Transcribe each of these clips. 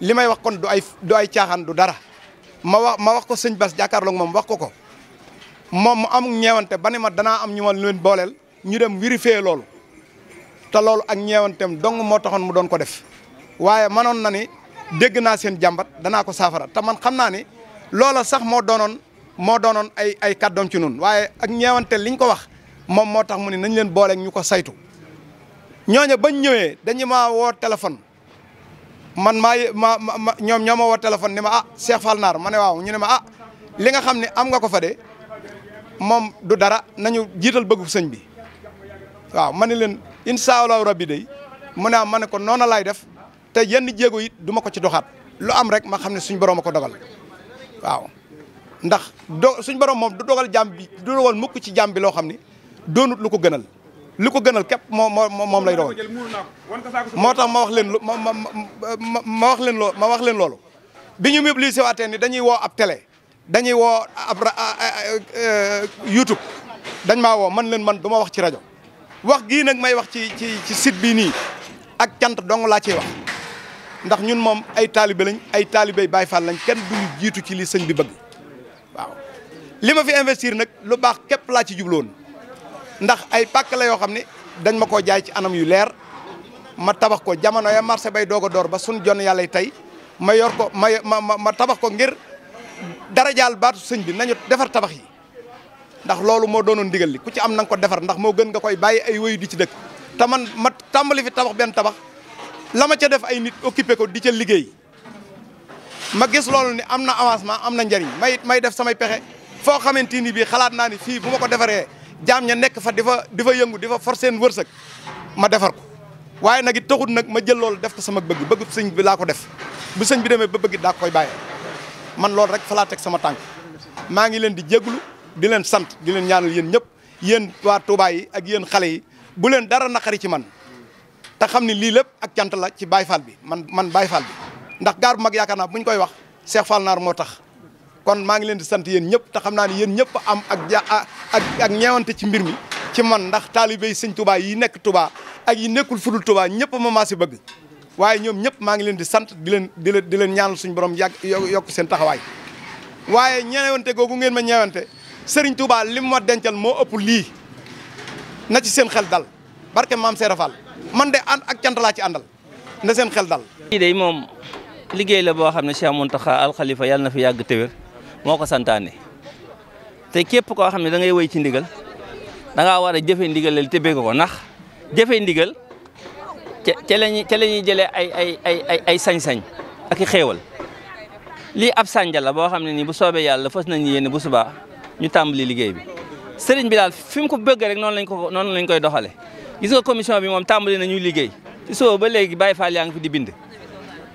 li may wax kon du ay du ay caaxaan du dara ma wax ma wax ko sëñ Bass jàkkaarloog moom wax ko ko moom mu am ñeewante ba ne ma danaa am ñu ma leen booleel ñu dem vérifier loolu te loolu ak ñeewanteem dong moo taxoon mu doon ko def waaye manoon na ni dégg naa seen jàmbat danaa ko saafara ta man xam naa ni loola sax moo doonoon moo doonoon ay ay kàddoom ci nun waaye ak ñeewante liñ ko wax moom moo tax mu ne nañ leen booleeg ñu ko saytu ñooñu bañ ñëwee dañu maa woo téléphone. man maa ma ma ñoom ñoo ma woo téléphone ni ma ah Cheikh Fall Naar ma ne waaw ñu ne ma ah li nga xam ne am nga ko fa de moom du dara nañu jiital bëggu sëñ bi waaw ma ne leen incha allahu rabbi day mu ne ma ne ko noona laay def te yenn jéego yi duma ko ci doxaat lu am rek ma xam ne suñ borom a ko dogal waaw ndax do suñ borom moom du dogal jàmm bi du dogal mukk ci jàmm bi loo xam ne doonut lu ko gënal. li ko gënal képp moom moom moom lay doon moo tax ma wax leen ma ma ma wax leen loo ma wax leen loolu bi ñu mobilisé waatee ni dañuy woo ab tele dañuy woo ab euh, YouTube dañ maa woo man leen man du wax ci rajo wax gii nag may wax ci ci ci site bii nii ak cant dong laa ciy wax ndax ñun moom ay taalibe lañ ay taalibey Baay Faal lañ kenn duñu jiitu ci li sëñ bi bëgg waaw li ma fi investir nag lu baax képp laa ci jubloon ndax ay pakk la yoo xam ne dañ ma koo jaay ci anam yu leer ma tabax ko jamono ya marché bay doog a door ba suñ jon yàlla tey ma yor ko ma ma ma tabax ko ngir dara jaal baatu sëñ bi nañu defar tabax yi ndax loolu moo doonoon ndigal li ku ci am na ko defar ndax moo gën nga koy bàyyi ay wéyu di ci dëkk te man ma tàmbali fi tabax benn tabax la ma ca def ay nit occupé ko di ca liggéey ma gis loolu ni am na avancement am na njariñ may may def samay pexe foo xamante ni bii xalaat naa ni fii bu ma ko defaree jaam ña nekk fa di fa yëngu di fa for seen wërsëg ma defar ko waaye nag it taxut nag ma jël loolu def ko sama bëgg bëgg sëñ bi laa ko def bu sëñ bi demee ba bëgg daa koy bàyyi man loolu rek fa laa teg sama tànk maa ngi leen di jéglu di leen sant di leen ñaanal yéen ñëpp yéen waa Touba yi ak yéen xale yi bu leen dara naqari ci man te xam ne lii lépp ak cant la ci Baye Fall bi man man Baye Fall bi ndax gaar bu mag yaakaar naa bu ñu koy wax Cheikh Fall moo tax kon maa ngi leen di sant yéen ñëpp te xam naa ne yéen am ak ja ak ak ñeewante ci mbir mi ci man ndax taalibe yi sëñ Touba yi nekk tubaa ak yi nekkul fudul Touba ñëpp ma maa si bëgg waaye ñoom ñëpp maa ngi leen di sant di leen di leen di leen ñaanal suñu borom yàgg yokk seen taxawaay waaye ñeewante googu ngeen ma ñeewante Serigne Touba li mu ma dencal moo ëpp lii na ci seen xel dal barke maam Seera Fall man de ànd ak cant laa ci àndal na seen xel dal. kii de moom liggéey la boo xam ne Cheikh Mountakha xa Khalifa yal na fi yàgg téwér moo ko santaane te képp koo xam ne dangay ngay woy ci ndigal danga war a jëfe ndigal te bégg ko ndax jëfe ndigal ca la ñuy ca la ñuy jëlee ay ay ay ay ay sañ-sañ ak i lii ab sànja la boo xam ne nii bu soobee yàlla fas nañu yéene bu subaa ñu tàmbali liggéey bi sëriñ bi daal fi ko bëgg rek noonu lañ ko noonu lañ koy doxale gis nga commission bi moom tàmbali na ñuy liggéey ci suba ba léegi bay Fall yaa ngi fi di bind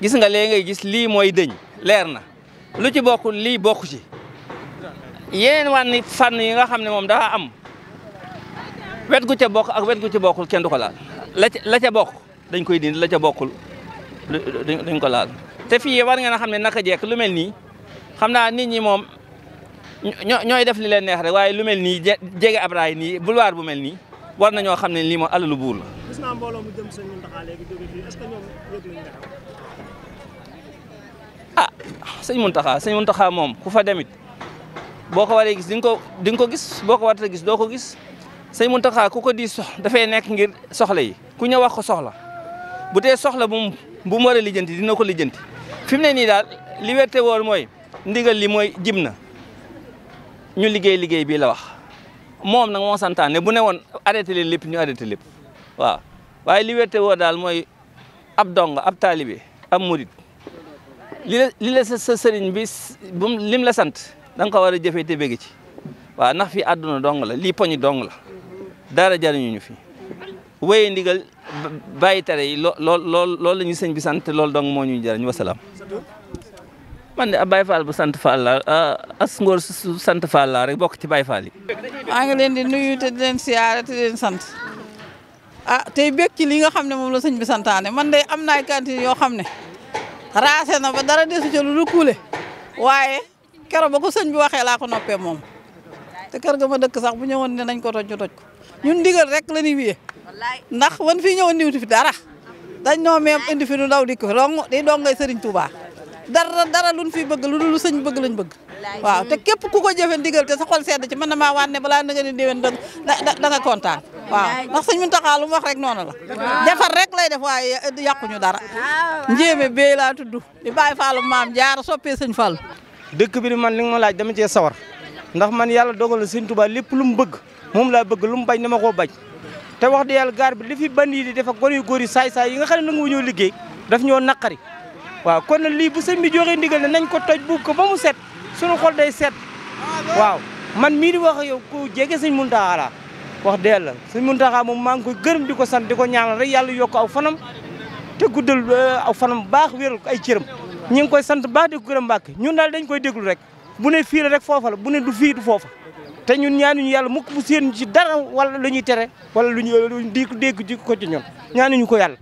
gis nga léegi ngay gis lii mooy dëñ leer na lu ci bokkul lii bokku ci yeneen wànni fànn yi nga xam ne moom dafa am wet gu ca bokk ak wet gu ci bokkul kenn du ko laal la ca la ca bokk dañ koy dindi la ca bokkul dañ ko laal te fii war ngeen a xam ne naka jekk lu mel nii xam naa nit ñi moom ñooy def li leen neex rek waaye lu mel nii jege ab nii boulevard bu mel nii war nañoo xam ne lii moom alalu buur la. naa mbooloo mu jëm sëñ ah sëñ Mountakha sëñ Mountakha moom ku fa demit boo ko waree gis di nga ko di ko gis boo ko warta gis doo ko gis sëñ Mountakha ku ko di sox dafay nekk ngir soxla yi ku ñëw wax ko soxla bu tee soxla bu bu mu war a lijjanti dina ko lijjanti fi mu ne nii daal li wérte woor mooy ndigal li mooy jib na ñu liggéey liggéey bii la wax moom nag moo santaane bu ne woon arrêté leen lépp ñu arrêté lépp waaw waaye li wérte woor daal mooy ab dong ab taalibe ab murit li la li sa sëriñ bi bum lim la sant danga ko war a jëfee te bëgg ci waaw ndax fii àdduna dong la lii poñi dong la dara jariñu ñu fi wéye ndigal bàyyi tere yi loo lool loolu la ñu sëñ bi sant loolu dong moo ñuy jariñ wasalaam man de a Baye Fall bu sant Fall laa as ngóor su sant Fall laa rek bokk ci Baye Fall yi. maa ngi leen di nuyu te leen siyaare te di leen sant ah tey bëgg ci li nga xam ne moom la sëñ bi santaane man de am naa ay kantin yoo xam ne. raase na ba dara desu ca lu dul waaye keroog ba ko sëñ bi waxee laa ko noppee moom te kër ga ma dëkk sax bu ñëwoon ne nañ ko toj ñu toj ko ñun ndigal rek la ñuy wiye ndax wan fii ñëwoon ndiwtu fi dara dañ noo meem indi fi nu ndaw dikk fi dong di dong ngay sëriñ Touba dara dara luñ fi bëgg lu lu sëñ bëgg lañ bëgg waaw te képp ku ko jëfe ndigal te sa xol sedd ci mën na maa waat ne balaa na nga ne déwén da da nga kontaan waaw ndax sañ Muntaxa lu mu wax rek noonu la defar rek lay def waaye yàquñu dara ah, njéeme bee laa tudd di bàyyi faalu maam jaar soppee sëñ Fall dëkk bi ni man li ma laaj dama cee sawar ndax man yàlla dogal na sëñ Tuubaa lépp lu mu bëgg moom laa bëgg lu mu bañ dama koo bañ te wax di yàlla gaar bi li fi bandi di def ak yu góor yi saay saay yi nga xam ne nangu ñoo liggéey daf ñoo naqari waaw kon lii bu sëñ bi joxee ndigal ne nañ ko toj buub ko ba mu set sunu xol day set waaw man mii di wax ak yow ku jege sëñ Muntaxa la wax dëgg la sëñ Muntaxa moom maa ngi koy gërëm di ko sant di ko ñaanal rek yàlla yokk aw fanam te guddal eh, aw fanam baax wéral ko ay cëram ñu ngi koy sant baax di ko gërëm Mbàkke ñun daal dañ koy déglu rek bu ne fii rek foofa la bu ne du fii foofa te ñun ñaanuñu yàlla mukk mu séen ci dara wala lu ñuy tere wala lu ñuy di dégg di ko ci ñun ñaanuñu ko yàlla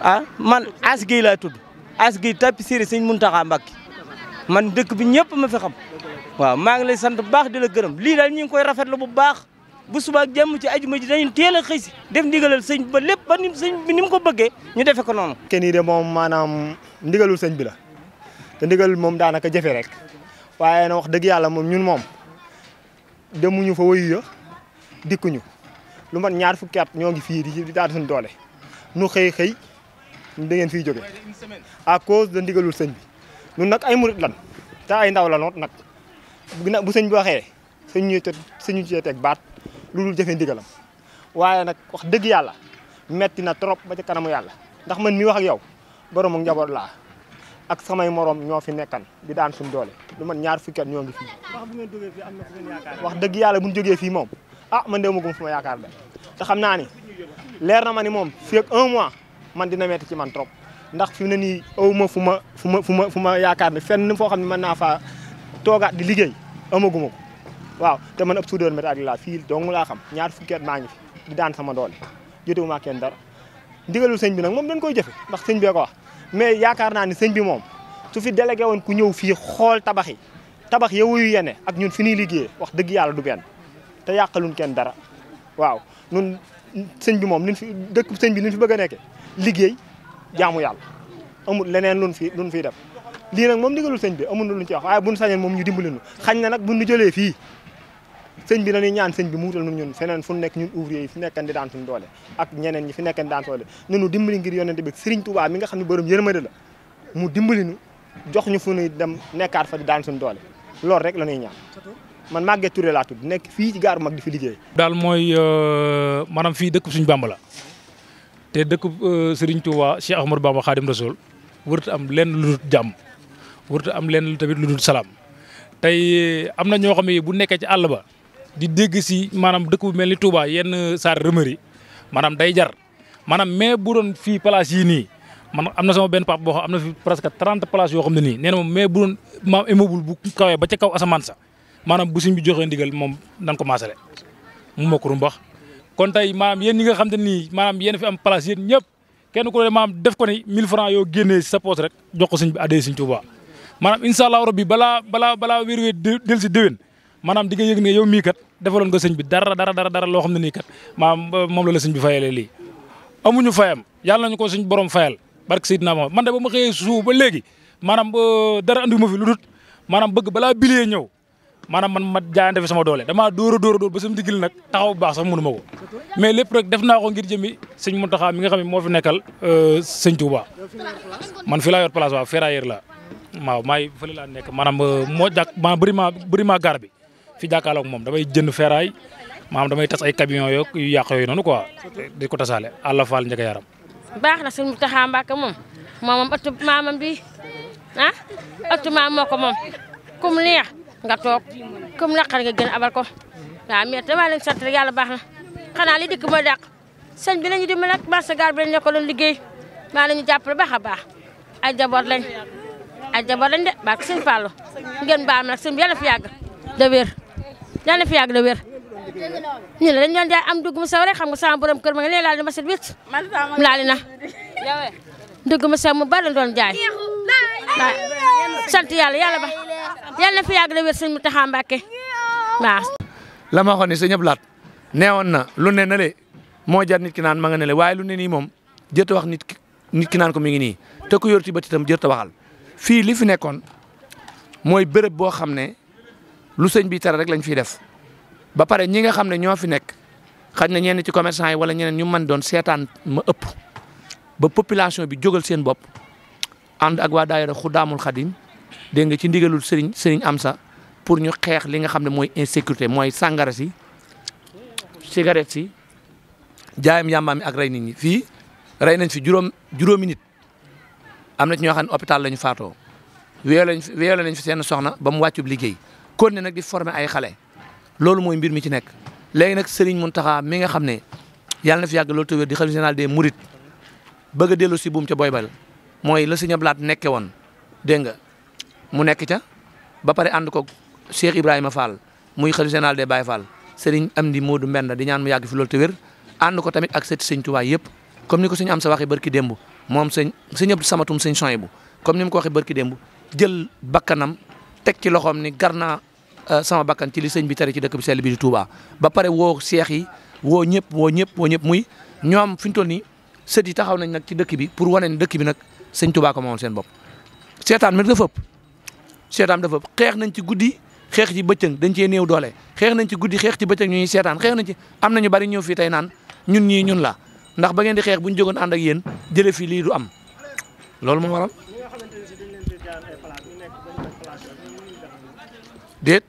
ah man As Guèye laa tudd As Guèye tapissier sëñ a Mbàkke man dëkk bi ñëpp ma fi waaw maa ngi lay sant bu baax di la gërëm lii daal ñu ngi koy rafetlu bu baax bu subaa jàmm ci ajuma ji dañu teel a xëy si def ndigalal sëñ ba lépp ba ni sëñ bi ni mu ko bëggee ñu defe ko noonu kenn nii moom maanaam ndigalul sëñ bi la te ndigal moom daanaka jafe rek waaye na wax dëgg yàlla moom ñun moom demuñu fa wayu ya dikkuñu lu mat ñaar fukki at ñoo ngi fii di daal suñ doole nu xëy xëy da ngeen fiy jóge a cos da ndigalul sëñ bi ñun nag ay murit lan te ay ndaw la noot nag bu sëñ bi waxee sëñ suñu cee teg baat lu dul jëfe ndigalam waaye nag wax dëgg yàlla metti na trop ba ca kanamu yàlla ndax man mi wax ak yow boroomu njaboot laa ak samay moroom ñoo fi nekkan di daan suñ doole lu man ñaar fukki at ñoo ngi fii wax dëgg yàlla bu ñu jógee fii moom ah man de magum fu ma yaakaar de te xam naa leer na ma ni moom fii ak un mois man dina metti ci man trop ndax fi mu ne nii aw ma fu ma fu ma fu ma fu ma yaakaar ne fenn foo xam ne mën naa faa toogaat di liggéey amaguma ko waaw te man ab soudeur métallique laa fii dong laa xam ñaar fukki at maa ngi fi di daan sama doole jotewu maa keen dara ndigalul sëñ bi nag moom dañ koy jëfe ndax sëñ bee ko wax mais yaakaar naa ni sëñ bi moom su fi delege woon ku ñëw fi xool tabax yi tabax yowuyu yene ak ñun fi ñuy liggéey wax dëgg yàlla du benn te yàqaluñ kenn dara sëñ bi moom li fi dëkk sëñ bi li fi bëgg a nekke liggéey jaamu yàlla amul leneen luñ fi luñ fiy def lii nag moom ndigalul sëñ bi amul na luñ ci wax waaye buñ sañoon moom ñu dimbali xañ na nag bu ñu jëlee fii sëñ bi dañuy ñaan sëñ bi mu wutal nu ñun feneen fu nekk ñun ouvrier yi fi nekkan di daan suñu doole ak ñeneen ñi fi nekkan di daan doole nunu dimbali ngir yonente bi sëriñ Tuubaa mi nga xam ne borom yërmande la mu dimbali nu jox ñu fu ñuy dem nekkaat fa di daan suñu doole loolu rek la ñuy ñaan man Maguette ture laa tudd nekk fii ci gaaru mag di fi liggéey. daal mooy euh, maanaam fii dëkk suñu Bamba la te dëkk euh, Serigne Touba Cheikh Ahmadou Bamba Khadim Rasoul warut am leen lu jàmm warut am lenn lu tamit lu dul salaam tey euh, am na ñoo xam ne bu nekkee ci àll ba di dégg si maanaam dëkk bu mel ni Touba yenn saar remeri maanaam day jar maanaam mais bu doon fii place yi nii. man am na sama benn pap boo xam am na fi presque trente places yoo xam ne nii nee na moom mais bu doon maam immeuble bu kawee ba ca kaw asamaan sa maanaam bu suñ bi joxee ndigal moom nan ko maasale mu mokk mbax kon tey maam yéen ñi nga xam te nii maanaam yéen fi am place yéen ñëpp kenn ku ne maanaam def ko ni 1000 francs yoo génnee si sa poche rek jox ko suñ bi addee suñ Tuubaa maanaam incha allahu rabbi balaa balaa balaa wér wér del maanaam di nga yëg ne yow mii kat defaloon nga sëñ bi dara dara dara dara loo moom la la sëñ bi amuñu fayam yàlla nañu ko suñ borom fayal barke Seydina Muhammad man de ba ma xëyee suuf ba léegi maanaam euh, dara andiwuma fi maanaam bëgg balaa bilee ñëw maanaam man ma jaayante fi sama doole damaa dóor a dóor a dóor ba sama digil nag taxaw bu baax sax mënu ma ko mais lépp rek def naa ko ngir moo fi nekkal euh, la waaw maay fële laa euh, moo jàkk maanaam bëri maa bëri maa bi fi jàkkaarloog moom damay jënd ferraille maanaam damay tas ay camion yo yu yàq yooyu noonu quoi ko tasaale àlla faal njëkk yaram baax na sëñ Mountakha Mbacké moom moom moom ëttu maamam bi ah ëttu maam moo ko moom kum neex nga toog comme naqar nga gën abal ko waaw mais damaa leen sant rek yàlla baax na xanaa li dikk mooy dàq sëñ bi lañu dimbali nag marché gaar bi lañ nekkaloon liggéey maa lañu jàppale baax a baax ay jaboot lañ ay jaboot lañ de baax sëñ Fallou ngeen baam nag sëñ bi yàlla fi yàgg de wér yàlla fi yàgg de wér ñu ne dañu doon a am dugg mu sew rek xam nga sama borom kër ma nga lee laal di ma set wicc laali na dugg mu sa mu bari lañ jaay sant yàlla yàlla ba yàlla na fi yàgg la wér sëñ Mountakha Mbacké la ma waxoon ni sëñ Abdou na lu ne na le moo jar nit ki naan ma nga ne le waaye lu ne nii moom jërët wax nit ki nit ki naan ko mi ngi nii te ku yorti ba ci itam jërët waxal fii li fi nekkoon mooy bërëb boo xam ne lu sëñ bi tere rek lañ fiy def ba pare ñi nga xam ne ñoo fi nekk xaj na ñenn ci commerçant yi wala ñeneen ñu mën doon seetaan ma ëpp ba population bi jógal seen bopp ànd ak waa daayira daamul Xadim dégg nga ci ndigalul sëriñ sëriñ Amsa pour ñu xeex li nga xam ne mooy in sécurité mooy sàngara si cigarette si jaayam yàmbaam ak rey nit ñi fii rey nañ fi juróom juróomi nit am na ci ñoo xam ne hôpital la ñu faatoo wéyoo lañ fi wéyoo lañ fi seen soxna ba mu wàccub liggéey kon ne nag di former ay xale loolu mooy mbir mi ci nekk léegi nag Serigne Mountakha mi nga xam ne yàlla na fi yàgg loolu tawér di xalifa général des mourides bëgg a dellu si buum ca boybal mooy la sëñ Ablaat nekke woon mu nekk ca ba pare ànd ko Cheikh Ibrahima Fall muy de général des Baye Fall di Amdi Modou mbenn di ñaan mu yàgg fi loolu te wér ànd ko tamit ak sëti sëñ Tuubaa yëpp comme ni ko sëñ am sa waxee barki démb moom sëñ sëñ Abdou sëñ soñ bu comme ni mu ko waxee barki démb jël bakkanam teg ci loxoom ni gar naa euh, sama bakkan ci li sëñ bi tari ci dëkk bi seel bi di Touba ba pare woo seex yi woo ñëpp woo ñëpp woo ñëpp muy ñoom fi ñu toll nii sët yi taxaw nañ nag ci dëkk bi pour wane ne dëkk bi nag sëñ Touba ko moomal seen bopp seetaan mi seetaan dafa xeex nañ ci guddi xeex ci bëccëg dañ cee néew doole xeex nañ ci guddi xeex ci bëccëg ñu seetaan xeex nañ ci am nañu bari ñëw fii tey naan ñun ñii ñun la ndax ba ngeen di xeex bu ñu jógoon ak yéen jële fii lii du am loolu moo waral déet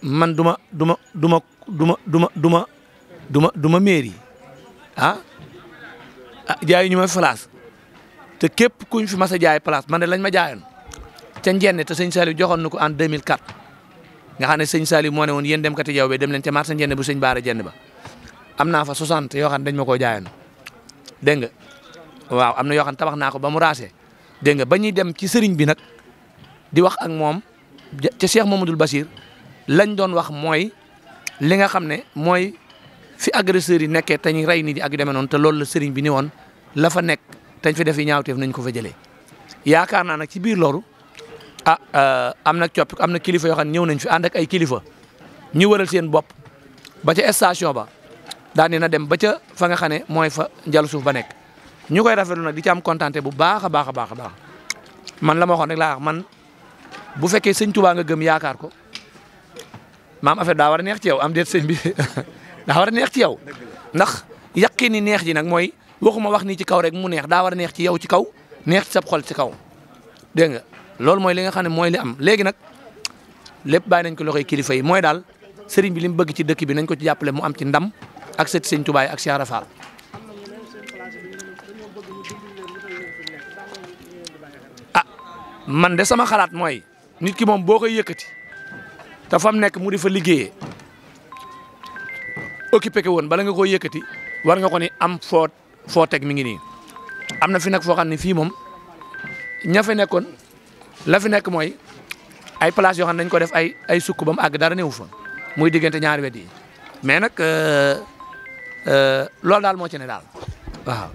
man duma duma duma duma duma duma duma duma mairie ah ah jaay ñu ma place te képp kuñ fi mas jaay place man de lañ ma jaayan ca Njenne te sëñ Saliou joxoon na ko en 2004 nga xam ne sëñ Saliou moo ne woon yéen dem kati jaww bi dem leen ca marché Njenne bu sëñ Baara Jenn ba am naa fa 60 yoo xam ne dañ ma ko jaayoon dégg nga waaw am na yoo xam ne tabax naa ko ba mu raase dégg nga ba ñuy dem ci sëriñ bi nag di wax ak moom ca Cheikh Mamadou Bachir lañ doon wax mooy li nga xam ne mooy fi agresseurs yi nekkee te ñu rey nii yi ak deme noon te loolu la sëriñ bi ni woon la fa nekk te ñu fi def yi ñaawteef nañ ko fa jëlee yaakaar naa nag ci biir loolu. ah euh, am na copp am na kilifa yoo xam ne ñëw nañ fi ànd ay kilifa ñu waral seen bopp ba ca station ba daan na dem ba ca fa nga xam ne mooy fa njalu suuf ba nekk ñu koy rafetlu nag di ci am kontaante bu baax a baax a baax a baax man la ma waxoon rek laa wax man bu fekkee sëñ Tuubaa nga gëm yaakaar ko maam affaire daa war a neex ci yow am déet sëñ bi daa war a neex ci yow ndax yàqi ni neex ji nag mooy waxuma wax nii ci kaw rek mu neex daa war a neex ci yow ci kaw neex ci sab xol ci kaw dégg nga loolu mooy li nga xam ne mooy li am léegi nag lépp bàyyi nañ ko loxoy kilifa yi mooy daal sëriñ bi li bëgg ci dëkk bi nañ ko ci jàppale mu am ci ndam ak sët sëñ Tuubaa ak Cheikh Rafal ah man de sama xalaat mooy nit ki moom boo koy yëkkati te fa mu nekk mu di fa liggéeyee occupé ko woon bala nga koy yëkkati war nga ko ni am foo foo teg mi ngi nii am na fi nag foo xam ne fii moom ña fa nekkoon. la fi nekk mooy ay place yoo xam ne dañ ko def ay ay sukk bam mu dara néew fa muy diggante ñaar wet yi mais nag euh, euh, loolu daal moo ci ne daal waaw.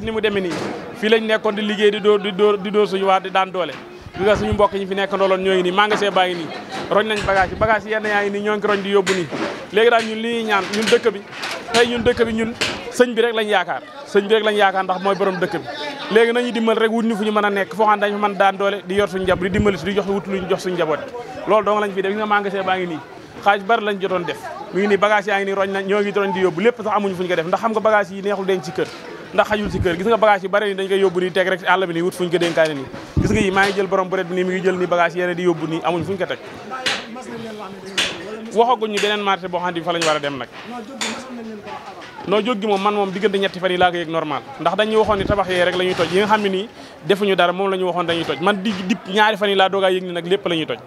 ni mu demee nii fii lañ nekkoon di liggéey di dóor di dóor di dóor suñu waa di daan doole bi nga suñu mbokk ñi fi nekk ndooloon ñoo ngi nii magasin baa ngi nii roñ nañ bagage yi bagage yi yenn yaa ngi roñ di yóbbu nii léegi daal ñun li ñuy ñaan ñun dëkk bi tey ñun dëkk bi ñun sëñ bi rek lañ yaakaar sëñ bi rek lañ yaakaar ndax mooy borom dëkk bi léegi nañu dimbal rek wut ñu fu ñu mën a nekk foo xam dañu mën daan doole di yor suñu jab di dimbali si di jox wut luñu jox suñu njaboot loolu dong lañ fi def gis nga magasin baa ngi nii xaaj bari lañ jotoon def mi ngi nii bagage yaa ngi nii roñ na ñoo ngi doon di yóbbu lépp sax amuñu fu ko def ndax xam nga bagage yi neexul denc ci kër ndax xajul ci kër gis nga bagage yi bare ni dañ koy yóbbu nii teg rek àll bi nii wut fu ko dénkaane gis nga yi maa ngi boo xam ne fa war a dem nag noo jóg moom man moom diggante ñetti fan yi laa ko yëg normal ndax dañuy waxoon ni tabax yee rek la ñuy toj yi nga xam nii defuñu dara moom la ñu waxoon dañuy toj man di dip ñaari fan yi laa doogaa yëg ni nag lépp la toj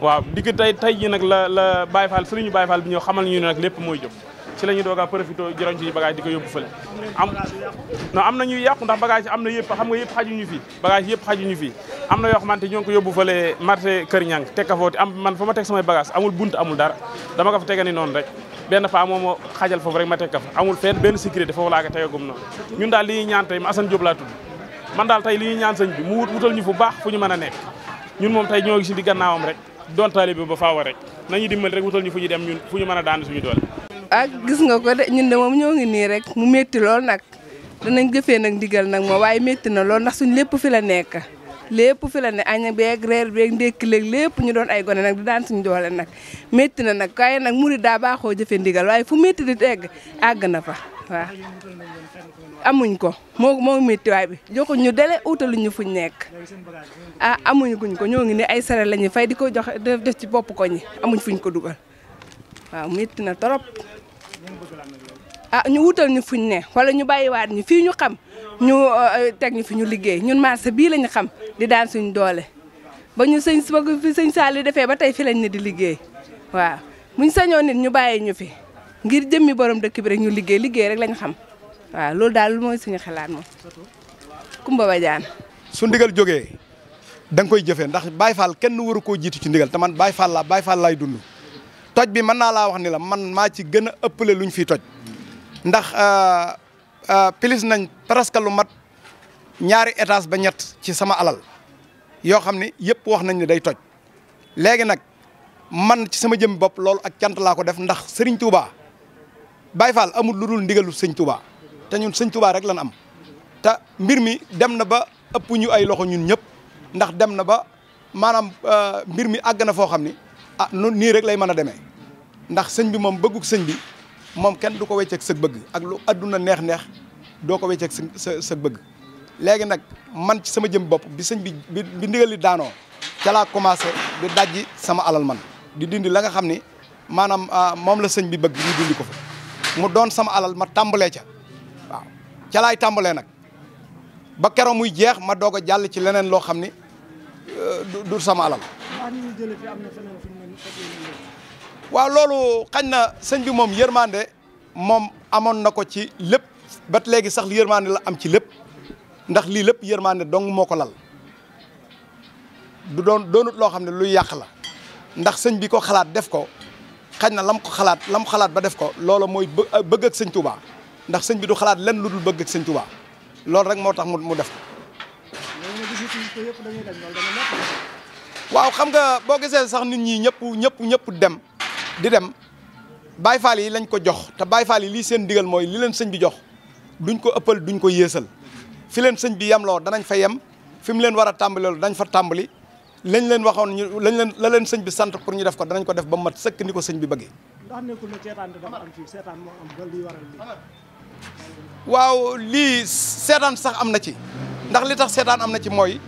waaw digg tey tey ji nag la la Baye Fall ñu Baye Fall bi ñëw xamal ñu ne nag lépp mooy jóg ci la ñuy doogaa profité jëroñ ci bagage di ko yóbbu fële am non am na ñuy yàqu ndax bagage am na yëpp xam nga yëpp xajuñu fii bagage yëpp xajuñu fii am na yoo xamante ñoo ngi ko yóbbu fële marché Kër Ñang teg ka footi am man fa ma teg samay bagage amul bunt amul dara dama ko fa tege ni noonu rek benn paa moom moo xajal foofu rek ma teg ka fa amul fenn benn sécurité foofu laa ko tegagum noonu ñun daal li ñuy ñaan tey ma Assane Diop laa man daal tey li ñuy ñaan sëñ mu wutal ñu fu baax fu ñu mën a nekk ñun moom tey ñu fu ñu dem ñun fu ñu mën a daan suñu doole ah gis nga ko de ñun de moom ñoo ngi nii rek mu métti lool nag danañ jëfee nag ndigal nag moom waaye metti na lool ndax suñ lépp fi la nekk lépp fi la ne añ beeg reer beeg ndékki léeg lépp ñu doon gone nag di daan suñu doole nag métti na nag waaye nag murid daa baaxoo jëfe ndigal waaye fu métti di egg àgg na fa waaw amuñ ko moo moo méttiwaay bi joxuñ ñu dele utaluñ ñu fuñ nekk ah, ko ñoo ngi ni ay sare la fay di ko jox ci bopp ko ñi amuñ fuñ ko dugal waaw métti na trop ah ñu wutal ñu ne wala ñu bàyyiwaat ñu fii ñu xam ñu euh, teg ñu fi ñu liggéey ñun marché bii lañu xam di daan suñu doole ba ñu sëñ ba fi sëñ defee ba tey fi lañ ne di liggéey waaw muñ sañoon nit ñu bàyyi ñu fi ngir jëmmi borom dëkk bi rek ñu liggéey liggéey rek lañ xam waaw loolu daal mooy suñu xalaat moom Kumba Badiane su ndigal jógee da koy jëfe ndax Baye Fall kenn waru koo jiitu ci ndigal te baay Baye Fall laa laay dund toj bi mën naa laa wax ni la man maa ci gën a ëppale luñ fiy toj ndax euh, Euh, pilis nañ presque lu mat ñaari étage ba ñett ci sama alal yoo xam ni yëpp wax nañ ne day toj léegi nag man ci sama jëm bopp loolu ak cant laa ko def ndax Serigne Touba Baye Fall amul lu dul ndigalu Sëñ Touba te ñun Sëñ Touba rek lan am ta mbir mi dem na ba ëpp ñu ay loxo ñun ñëpp ndax dem na ba maanaam euh, mbir mi àgg na foo xam ni ah noonu nii rek lay mën a demee ndax sëñ bi moom bëggug sëñ bi. moom kenn du ko wecceeg sa bëgg ak lu adduna neex-neex doo ko wecceeg sa sa bëgg léegi nag man ci sama jëm bopp bi sëñ bi bi ndigal daanoo ca laa commencé di dajji sama alal man di dindi la nga xam ni maanaam ah, moom la sëñ bi bëgg ñu dindi ko fa mu doon sama alal ma tàmbalee ca waaw calaay laay tàmbalee nag ba keroog muy jeex ma doog a jàll ci leneen loo xam ni euh, du sama alal. waaw loolu xañ na sëñ bi moom yërmande moom amoon na ko ci lépp ba léegi sax yërmande la am ci lépp ndax lii lépp yërmande dong moo ko lal du doon doonut loo xam ne luy yàq la ndax sëñ bi ko xalaat def ko xañ na lam ko xalaat lam xalaat ba def ko loola mooy euh, bëgg ak sëñ Touba ndax sëñ bi du xalaat lenn lu dul bëgg ak sëñ Touba loolu rek moo tax mu def ko. waaw xam nga boo gisee sax nit ñi ñëpp ñëpp ñëpp dem. di dem Baay Faal yi lañ ko jox te Baay Faal yi lii seen digal mooy li leen sëñ bi jox duñ ko ëppal duñ ko yéesal fi leen sëñ bi yemloo danañ fa yem fi mu leen war a tàmbaleel dañ fa tàmbali lañ leen waxoon ñu lañ leen la leen sëñ bi sant pour ñu def ko danañ ko def ba mu mat sëkk ni ko sëñ bi bëggee. waaw lii seetaan sax am na ci ndax li tax seetaan am na ci mooy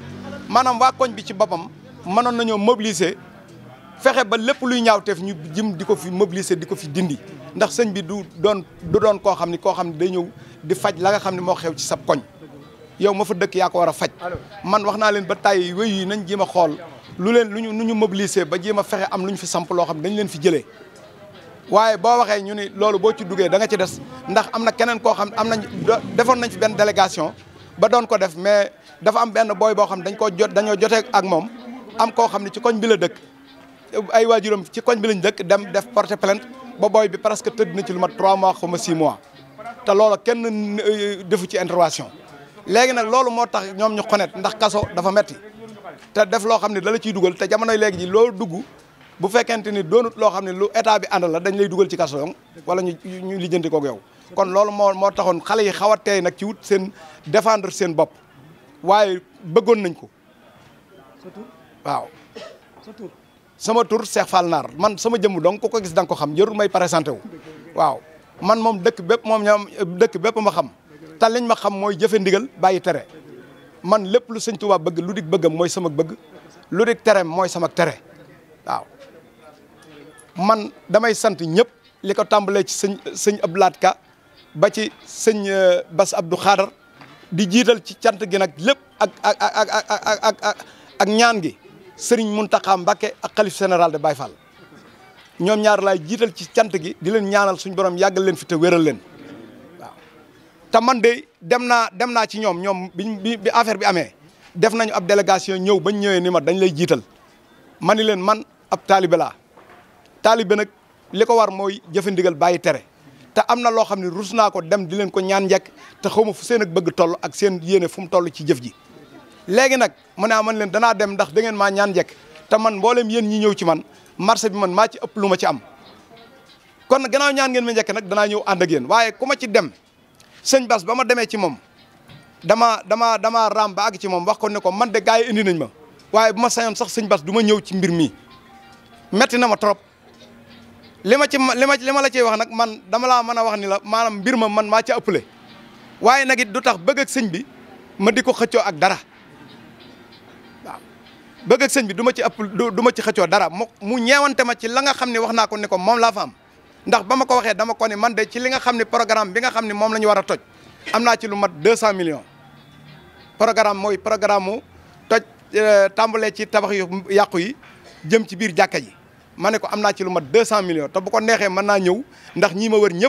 maanaam waa koñ bi ci boppam mënoon nañoo mobiliser. fexe ba lépp luy ñaawteef ñu jëm di ko fi mobiliser di ko fi dindi ndax sëñ bi du doon du doon koo xam ni koo xam ni day ñëw di faj la nga xam ni moo xew ci sab koñ yow ma fa dëkk yaa ko war a faj man wax naa leen ba tàyyi wéy yi nañ jéem a xool lu leen luñu nu ñu mobiliser ba jéem a fexe am lu ñu fi samp loo xam ne dañ leen fi jëlee waaye boo waxee ñu ni loolu boo ci duggee da nga ci des ndax am na keneen koo xam am nañ defoon nañ fi benn délégation ba doon ko def mais dafa am benn booy boo xam dañ koo jot dañoo jotee ak moom am koo xam ne ci koñ bi la dëkk ay waajuram ci koñ bi lañ dëkk dem def porter plant ba booy bi presque tëdd na ci lu mat 3 mois xaw ma 6 mois te loolu kenn euh, defu ci intervention léegi nag loolu moo tax ñoom ñu xonet ndax kaso dafa metti te def loo xam ne dala ciy dugal te jamonoy léegi ji loolu dugg bu fekkente ni doonut loo xam ne lu état bi àndal la dañ lay dugal ci kaso yoon wala ñu ñu lijjanti koog yow kon loolu moo moo taxoon xale yi xaw a teey nag ci wut seen défendre seen bopp waaye bëggoon nañ ko waaw sama tur Cheikh Fall man sama jëmm donc ku ko gis da ko xam jërul may présenté wu waaw man moom dëkk bépp moom ñoom dëkk bépp ma xam te liñ ma xam mooy jëfe ndigal bàyyi tere man lépp lu sëñ Tuubaa bëgg lu dik bëggam mooy sama bëgg lu dik tereem mooy sama tere waaw man damay sant ñëpp li ko tàmbalee ci sëñ sëñ Abdou Ka ba ci sëñ euh, Bass Abdou Khadar di jiital ci cant gi nag lépp ak ak ak ñaan gi sëriñ Mountakha Mbacké ak xalif sénéral de Baye ñoom ñaar laay jiital ci cant gi di leen ñaanal suñu borom yàggal leen fi te wéral leen waaw te man de dem naa dem naa ci ñoom ñoom bi bi affaire bi amee def nañu ab délégation ñëw bañ ñëwee ni ma dañ lay jiital ma ni leen man ab taalibe laa taalibe nag li ko war mooy jëfe ndigal bàyyi tere te am na loo xam ne rus naa ko dem di leen ko ñaan njekk te xaw ma fu seen ak bëgg toll ak seen yéene fu mu toll ci jëf ji léegi nag mu ne ah, man leen danaa dem ndax da ngeen maa ñaan njekk te man mboolem yéen ñi ñëw ci man marché bi man maa ci ëpp lu ma ci am kon gannaaw ñaan ngeen ma njëkk nag danaa ñëw ànd ak yéen waaye ku ma ci dem sëñ Bas ba ma demee ci moom dama dama dama raam ba àgg ci moom wax ko ne ko man de indi nañ ma waaye bu ma sañoon sax sëñ Bas du ñëw ci mbir mi metti na ma trop li ma ci ma li ma la ciy wax nag man dama laa mën a wax ni la maanaam mbir ma man maa ci ëppale waaye nag it du tax bëgg ak sëñ bi ma di ko xëccoo ak dara bëgg ak sëñ bi du ma ci ëpp du ma ci xëccoo dara mu ñeewante ma ci la nga xam ne wax naa ko ne ko moom laa fa ndax ba ma ko waxee dama ko ne man de ci li nga xam ne programme bi nga xam ne moom la ñu war a toj am naa ci lu mat deux cent millions programme mooy programme mu toj euh, tàmbalee ci tabax yu yàqu yi jëm ci biir jàkka yi man ne ko am naa ci lu mat deux cent millions te bu ko neexee mën naa ñëw ndax ñii ma wër ñëpp